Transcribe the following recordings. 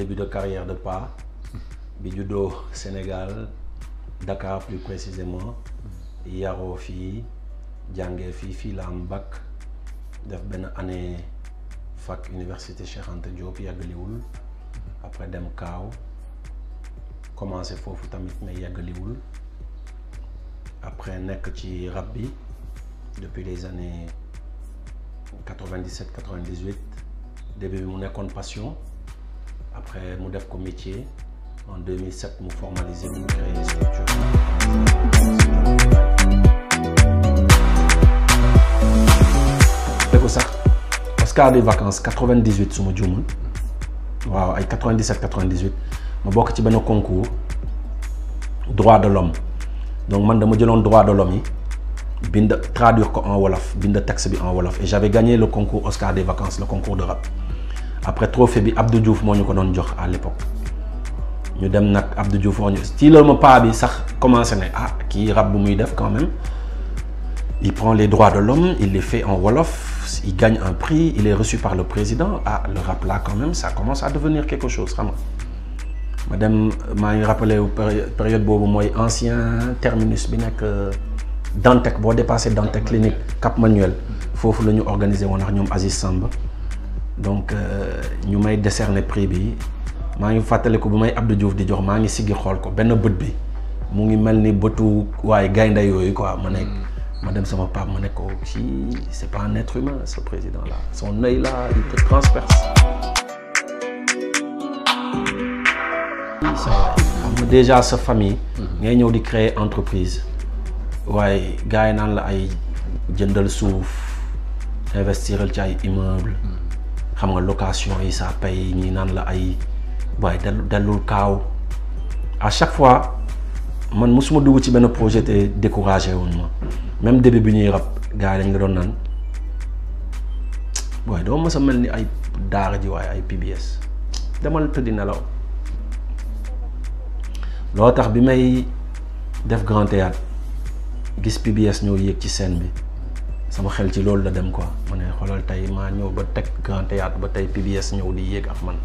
début de carrière de Pa bi juddoo Sénégal Dakar plus précisément yaro fii jàngee fii fii la am bac def benn année fac université Cheikh Anta Diop yàggaliwul après dem Kaaw commencé foofu tamit mais yàggaliwul après nekk ci rab bi depuis les années 97 98 début bi mu nekkoon passion. après mu def ko métier en 2007 mu formalisé mu créé structure. ko sax Oscar des vacances 98 su ma waaw ay 97 98 ma bokk ci benn concours droit de l'homme donc man dama jëloon droit de l'homme yi bind traduire ko en wolof bind texte bi en wolof et j'avais gagné le concours Oscar des vacances le concours de rap. après trophée bi Abdou Diouf moo ñu ko doon jox à l'époque ñu dem nag Abdou Diouf moo ñu ci la ma paa bi sax commencé ne ah kii rab bu muy def quand même il prend les droits de l'homme il les fait en wolof il gagne un prix il est reçu par le président ah le rap là quand même ça commence à devenir quelque chose xam nga ma dem maa ngi rappelé période boobu mooy ancien terminus bi nekk Dantec boo dépassé Dantec clinique Cap Manuel foofu la ñu organisé woon ak ñoom Aziz Samba donc euh, ñu may décerner prix bi maa ngi fàttali fàttaliku bu may Abdou Diouf di jox maa ngi siggi xool ko benn bët bi mu ngi mel ni bëtu waaye gaynde yooyu quoi ma nekk mm. ma dem sama pape ma ne ko kii oh, c'est pas un être président là son œil là sa famille. Mm-hmm. ngay ñëw di créer entreprise. waaye gars naan la ay jëndal suuf investiral ci ay immeuble xam nga location yi ça paye ñi naan la ay waaye dellu dellul kaaw a chaque fois man mosuma dugg ci benn projet te découragé woon ma même début bi ñuy rab gars yi dañ nga doon naan waaye doo mës a mel ni ay daara ji waaye ay PBS demal tëddi nelaw loo tax bi may def grand théâtre gis PBS ñoo yéeg ci scène bi sama xel ci loolu la dem ko ma ne xoolal tey maa ñëw ba teg grand théâtre ba tey PBS ñëw di yéeg ak man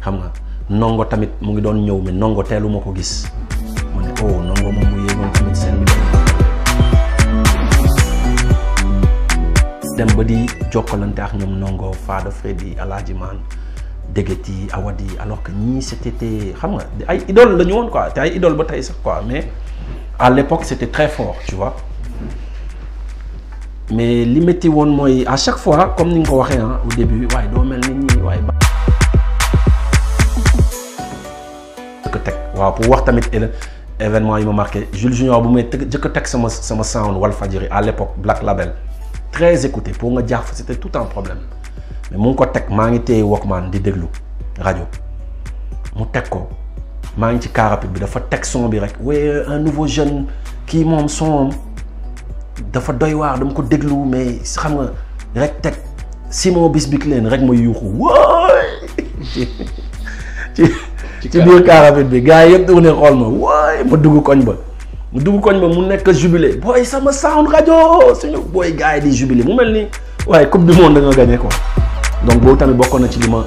xam nga nongo tamit mu ngi doon ñëw mi nongo teelu ma ko gis ma ne oh nongo moom mu yéegoon tamit seen dem ba di jokkalante ak ñoom nongo Fada Freddy Alaaji Maan Dégét yi Awad yi alors que ñii c'était xam nga ay idole la ñu woon quoi te ay idole ba tey sax quoi mais à l'époque c'était très fort tu vois mais li métti woon mooy à chaque fois comme ni nga ko waxee ah au début waaye doo mel ni ñii waaye. jëkk teg waaw pour wax tamit événement yi ma marqué Jules Junior bu may jëkk teg sama sama sound Walfadjri à l'époque Black Label très écouté pour nga jaax fa c'était tout un problème mais mu ngi ko teg maa ngi tey téye Walkman di déglu rajo mu teg ko maa ngi ci car bi dafa teg son bi rek waaye un nouveau jeune kii moom son dafa doy waar dama ko déglu mais xam nga rek teg bis bik leen rek ma yuuxu wooy ci biir carabit bi gars yi yëpp dugg ne xool ma wooy ma dugg koñ ba mu dugg koñ ba mu nekk jubilé booy sama sound rajo suñu booy gars yi di jubilé mu mel ni waaye coupe du monde da nga gagné quoi donc boobu tamit bokkoon na ci li ma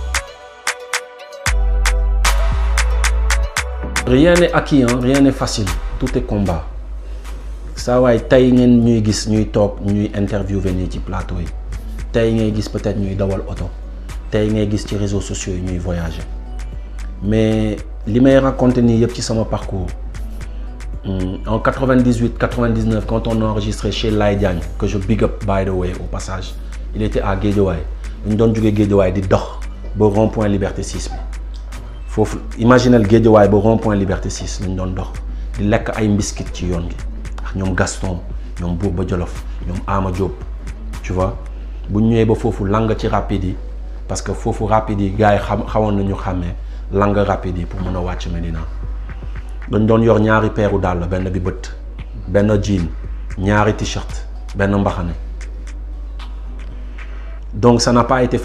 rien n'est acquis rien n'est facile tout est combat saa waaye tey ngeen ñuy gis ñuy toog ñuy interviewé nii ci plateau yi tey ngay gis peut-être ñuy dawal oto tey ngay gis ci réseaux sociaux yi ñuy voyager mais li may raconté nii yëpp ci sama parcours hmm, en 98 99 quand on a enregistré chez Laye Diagne que je big up by the way au passage il était à Guédiawaye ñu doon jógee Guédiawaye di dox ba rond-point Liberté 6 bi foofu imaginel Guédiawaye ba rond-point Liberté 6 lañ doon dox lekk ay ci yoon gi ñoom Gaston ñoom ba Jolof ñoom Ama Diop tu vois bu ñëwee ba foofu lang ci rapide yi parce que foofu rapid yi gars yi xam xawoon nañu xàmmee lang rapide yi pour mën a wàcc Medina dañ doon yor ñaari peeru dàll benn bi bët benn jean ñaari t-shirt benn mbaxane donc ça n'a pas été